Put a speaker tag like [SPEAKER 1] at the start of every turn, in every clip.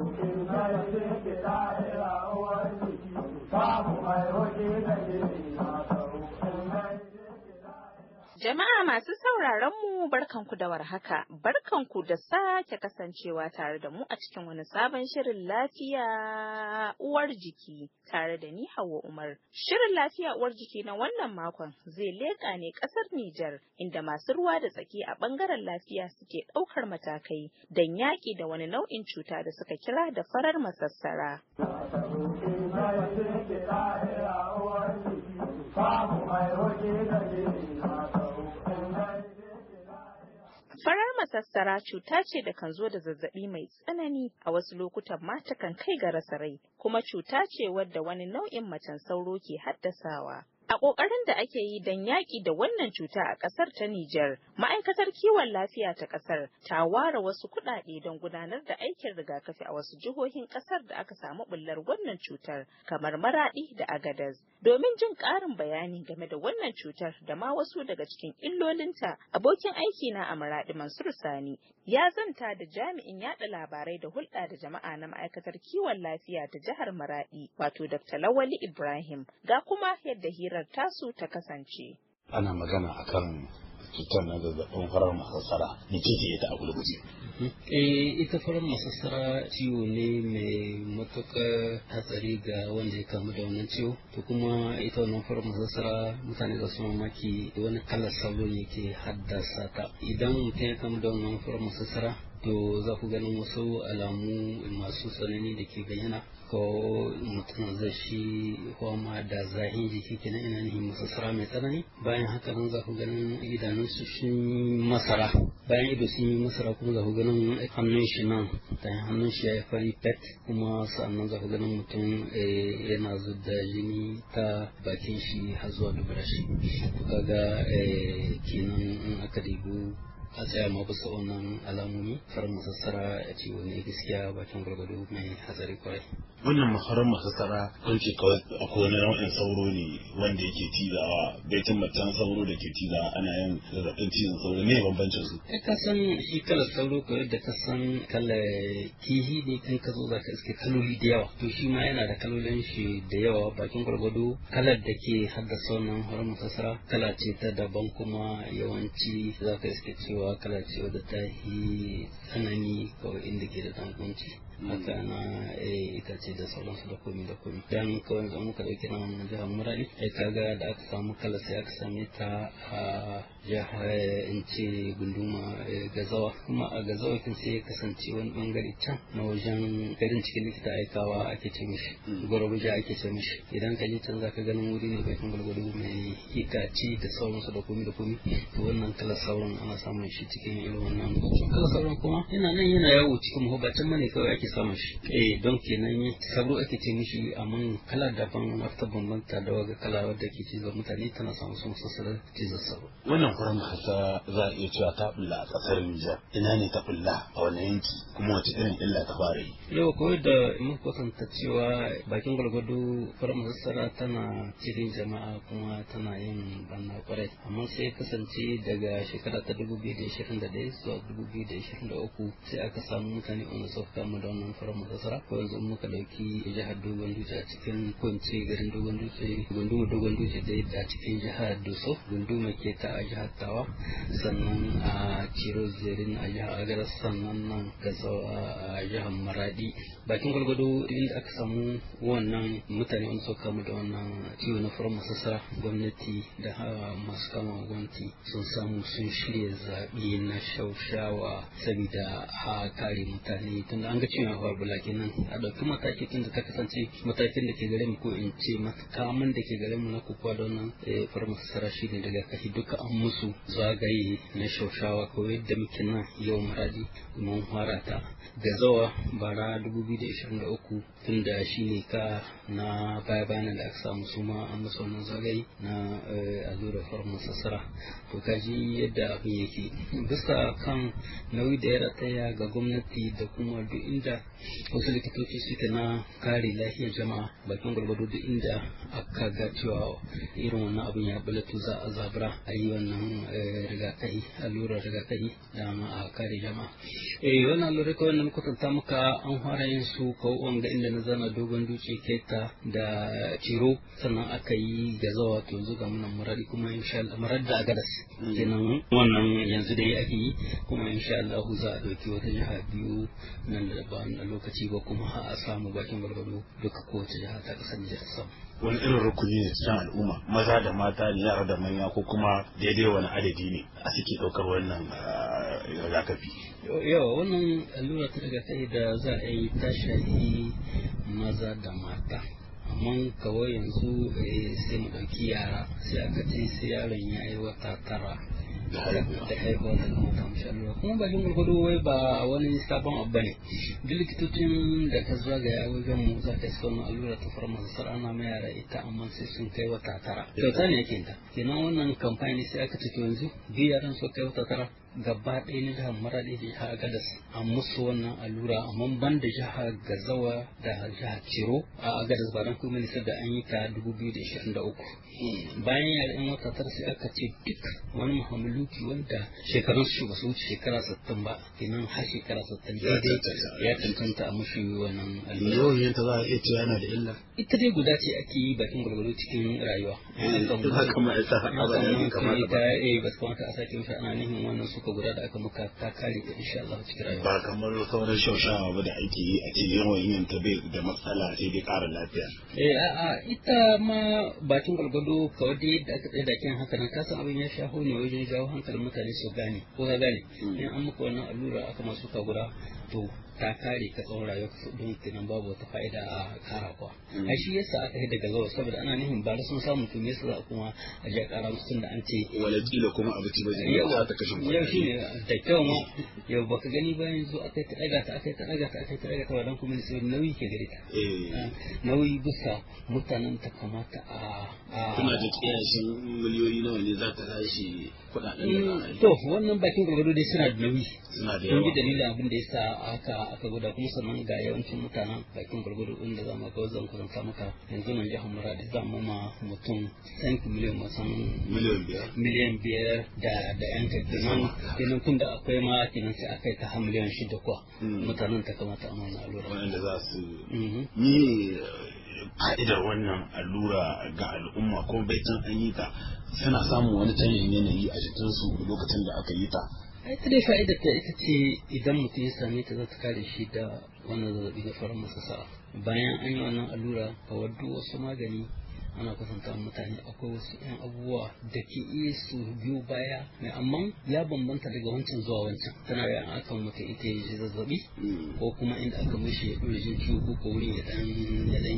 [SPEAKER 1] Thank you. Jama'a masu sauraron mu barkanku da warhaka, barkanku da sake kasancewa tare da mu a cikin wani sabon shirin lafiya uwar jiki tare da ni Hauwa Umar. Shirin lafiya uwar jiki na wannan makon zai leƙa ne ƙasar Nijar inda masu ruwa da tsaki a ɓangaren lafiya suke ɗaukar matakai don yaƙi da wani nau'in cuta da suka kira da farar masassara. Samu mai roƙe da masassara cuta ce da kan zo da zazzabi mai tsanani a wasu lokutan ma takan kai ga rasa rai kuma cuta ce wadda wani nau'in macen sauro ke haddasawa. A ƙoƙarin da ake yi don yaƙi da wannan cuta a ƙasar ta Nijar, ma'aikatar kiwon lafiya ta ƙasar ta ware wasu kuɗaɗe don gudanar da aikin rigakafi a wasu jihohin ƙasar da aka samu ɓullar wannan cutar kamar Maraɗi da Agadez. Domin jin ƙarin bayani game da wannan cutar da ma wasu daga cikin illolinta, abokin aiki na a Maraɗi Mansur Sani ya zanta da jami'in yada labarai da hulɗa da jama'a na ma'aikatar kiwon lafiya ta jihar Maradi wato Dr. Lawali Ibrahim ga kuma yadda hirar tasu ta kasance.
[SPEAKER 2] Ana magana akan cutar na zazzabin farar masassara ne ce ita a gulguje. eh ita farar masassara ciwo ne mai matuƙar hatsari ga wanda ya kamu da wannan ciwo to kuma ita wannan farar masassara mutane za su mamaki wani kalar salo ne ke haddasa ta idan mutum ya kamu da wannan farar masassara to za ku ganin wasu alamu masu tsanani da ke bayyana ko mutum zai shi ma da zahin jiki nan ina nihin masassara mai tsanani bayan haka nan za ku ganin su shi masara bayan ido sun yi masara kuma za ku ganin hannun shi nan ta hannun shi ya yi fari pet kuma sannan za ku ganin mutum eh, yana zuwa da jini ta bakin shi har zuwa dubura shi kaga eh, kenan in aka a tsaya ma bisa wannan alamomi karin masassara a ce wani gaskiya bakin gwargwado mai hatsari kwarai wannan makarar masassara kun ce kawai akwai wani nau'in sauro ne wanda yake tilawa baitin macen sauro da ke tizawa ana yin zazzabin cizon sauro ne bambancin su eh, ka san shi kala sauro ko yadda ka san kala kihi ne kan ka zo zaka iske kaloli da yawa to shi ma yana da kalolin shi da yawa bakin gwargwado kalar da ke haddasa wannan harar masassara kala ce ta daban kuma yawanci zaka iske cewa cewa kala ce wadda ta yi tsanani kawai inda ke da tankunci haka na ce da sauransu da komi da komi dan kawai da muka dauki nan jihar murari ai kaga da aka samu kala sai aka same ta a jihar eh, in ce gunduma eh, gazawa kuma a gazawa kin sai ya kasance wani bangare can na wajen garin cikin likita aikawa ake ce mishi mm. gwargwaje ake ce mishi idan ka je can za ka ganin wuri ne bakin gwargwado mai itace da sauransu da komi da komi to wannan kala sauran ana samun shi cikin irin wannan kala sauran kuma yana nan yana yawo cikin mahubacin mane kawai ake samun shi eh don kenan yi salo ake ce mishi amma kala daban wata bambanta da waga kala wadda ke cizon mutane tana samu sun sassalar cizon salo wannan kuran hasa za a iya cewa ta bulla a kasar Nijar ina ne ta bulla a wani yanki kuma wace irin illa ta fara yi yau kawai da mun kwatanta cewa bakin gwalgwado farin sassara tana cikin jama'a kuma tana yin banna kwarai amma sai kasance daga shekara ta dubu biyu da da ɗaya zuwa dubu biyu da da uku sai aka samu mutane a suka kamu da wannan furen masasara ko yanzu in muka dauki jihar dogon dutse a cikin kwance garin dogon dutse gunduma dogon dutse da yadda a cikin jihar doso gunduma ke ta a jihar tawa sannan a ciro zirin a jihar agaras sannan nan tsawa a jihar maradi bakin gwalgwado inda aka samu wannan mutane wani suka kamu da wannan ciwo na furen masasara gwamnati da masu kama gwamnati sun samu sun shirya zaɓe na shaushawa sabida a kare mutane tunda an ga cewa ya faru kenan a ɗauki mataki tun da ta kasance matakin da ke gare mu ko in ce makaman da ke gare mu na kokowa da wannan eh, farmasa sara shi ne daga kashi duka an musu zagaye na shaushawa ko yadda muke nan yau maradi mun fara ta zawa bara 2023 tun da shi ne ka na baya bayanan da aka samu su ma an musu wannan zagaye na eh, allurar farmasa sara to kaji yadda abin yake bisa kan nauyi da ya rataya ga gwamnati da kuma duk inda wasu likitoci suke na kare lafiyar jama'a bakin gwargwado da inda aka ga cewa irin wannan abin ya to za a zabura a yi wannan eh, rigakai allurar rigakai da a kare jama'a eh wannan allurar kawai na kwatanta muka an fara yin su ko wanga inda na zana dogon duce keta da ciro sannan aka yi gaza wato ga muna murari kuma insha Allah murar da agadas kenan wannan yanzu dai ake yi kuma insha Allah za a dauki wata jiha biyu nan da ba kafin a lokaci ba kuma a samu bakin barbaro duka kowace jiha ta kasar Nijar samu. Wani irin rukuni ne cikin al'umma maza da mata ne yara da manya ko kuma daidai wani adadi ne a suke ɗaukar wannan ah, rigakafi. Yawa wannan allura ta rigakafi da za a yi ta shafi maza da mata. amma kawai yanzu eh, sai mu ɗauki yara sai aka ce sai yaron ya yi wata tara
[SPEAKER 1] da haihuwa
[SPEAKER 2] da mata misali kuma bakin gwargwado wai ba wani sabon abu ne duk likitocin da ka zagaya wajen mu za ka samu allura ta farmasar ana ma yara ita amma sai sun kai wata tara kyauta ne yake ta kenan wannan kamfani sai aka ciki yanzu biyaran su kai wata tara gaba ɗaya na jihar maraɗi da jihar agadas an musu wannan allura amma ban da jihar gazawa da jihar ciro a agadas ba don kuma minista da an yi ta 2023 bayan ya wata tara sai aka ce duk wani mahamuluki wanda shekarun su ba su wuce shekara 60 ba kenan har shekara 60 ya tantanta a mushi wannan allura yawan yanta za a iya cewa yana da illa ita dai guda ce ake yi bakin gwalgwalo cikin rayuwa eh, ba kamar ita eh, ba kamar ita ba kamata a sake mafi ana nihin wannan suka guda da aka maka ta kare ka insha Allah cikin rayuwa ba kamar sauran shaushawa ba da ake yi a cikin yawan yin ta bai da matsala sai dai ƙara lafiya eh a'a ita ma bakin gwalgwado kawai da yadda aka tsaye da kin haka nan kasan abin ya shaho ne wajen jawo hankalin mutane su gane ko ka gane hmm. in an maka wannan allura aka masu ka guda to ta kare ka tsawon rayuwa don kenan babu wata fa'ida a kara kuwa mm. a shi yasa aka yi daga zawo saboda ana nufin ba sun samu to me yasa kuma a ji kara musu da an ce wala kila kuma abu ci bajin yawa ta kashe mu yau shine da kyau ma yau baka gani bayan zo aka ta daga ta aka ta daga ta aka ta daga ta wadan kuma sai nauyi ke gare ta eh. ah, nauyi bisa mutanen ta kamata a kuna da kiyashin miliyoyi nawa ne za ta tashi kuɗaɗen da mm, to wannan bakin gurgudu dai suna da nauyi suna da yawa dalilin abin da yasa aka aka guda kuma sannan ga yawancin mutanen bakin gurgudu inda za mu ga zan kusanta maka yanzu mun jihar muradi za mu ma mutum tank miliyan musan miliyan biyar miliyan biyar da da yan kenan kenan kun da akwai ma kinan sai akai ta har miliyan shida kwa hmm. mutanen ta kamata a mana allura wanda za su ni hmm. ka'idar eh, wannan allura ga al'umma ko bai can an yi ta suna samun wani canjin yanayi a jikinsu lokacin da aka yi ta ita dai fa'idar ta ita ce idan mutum ya same ta za ta kare shi da wannan zazzabi na farar masa sa'a bayan an yi wannan allura kawar duk wasu magani ana kusanta mutane akwai wasu yan abubuwa da ke iya su biyu baya mai amma ya bambanta daga wancan zuwa wancan tana da an aka mutu ita yi zazzabi ko kuma inda aka mishi ya ɗora jin ciwo ko ko wuri ya dan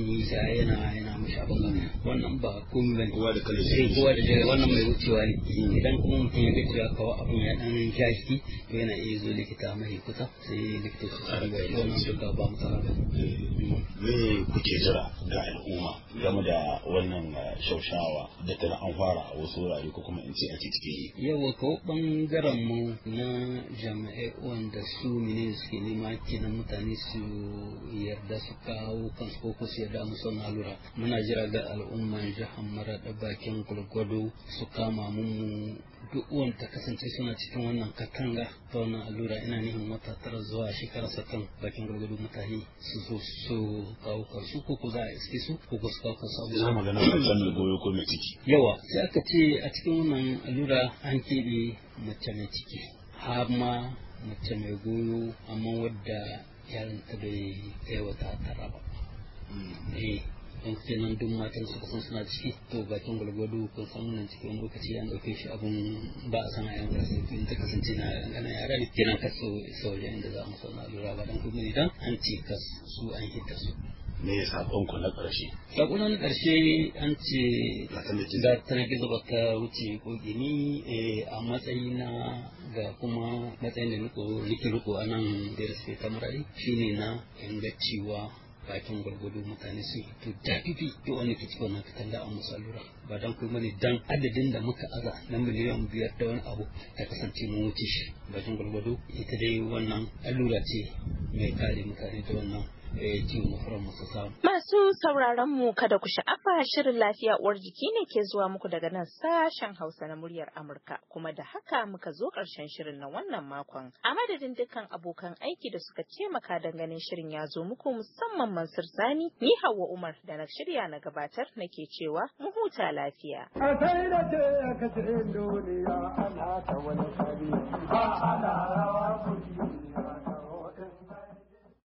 [SPEAKER 2] yi ja yana yana mishi abin nan wannan ba komai bane kowa da kalli eh, sai kowa da jere wannan mai wucewa ne idan kuma mutum ya ga cewa kawai abin ya dan ja shi to yana iya zo likita mai kusa sai likita su tsara ga wannan duka ba mu ba ne kuke jira ga al'umma game da wani wannan eh, shaushawa da tana an fara a wasu wurare ko kuma in ce a cikin yi. Yau ko bangaren mu na jami'ai wanda su ne suke nema kenan mutane su yarda su kawo kansu ko su yarda mu son halura. Muna jira ga al'umman jihar Maraɗa bakin gwargwado su kama mu duk uwan ta kasance suna cikin wannan katanga ta wannan allura ina nihin wata tara zuwa shekara satan bakin gargado mutane su zo su kawo kansu ko ko za a iske su ko su kawo kansu za mu gana kan mai goyo ko mai ciki yawa sai aka ce a cikin wannan allura an keɓe mace mai ciki har ma mace mai goyo amma wadda yaron ta bai kai wata tara ba hmm. eh. don nan duk matan su kusan suna ciki to tun gwalgwado kun san nan ciki wani lokaci an dauke shi abun ba a san a yan Kun in ta kasance na ƙanƙanan yara ne kenan kaso da inda za mu na lura ba dan kuma idan an ce kas su an hita su me ya sakon ku na ƙarshe sakon na karshe an ce da ne gizo ba ta wuce kogini eh, a matsayi na ga kuma matsayin da niko nake riko a da ya suke kamarari shine na ingancewa bakin gwargwado mutane sun fito da fifi duk wani ke cikin wannan katanga an musu allura ba dan kuma ne dan adadin da muka aza na miliyan biyar da wani abu ta kasance mun wuce shi bakin gwargwado ita dai wannan allura ce mai kare mutane da wannan Eh,
[SPEAKER 1] Masu sauraron mu kada ku sha'afa shirin lafiya uwar jiki ne ke zuwa muku daga nan sashen Hausa na muryar Amurka kuma da haka muka zo ƙarshen shirin na wannan makon. A madadin dukkan abokan aiki da suka taimaka don ganin shirin ya zo muku musamman Mansur Sani ni Hauwa Umar da na shirya na gabatar nake cewa mu huta lafiya. A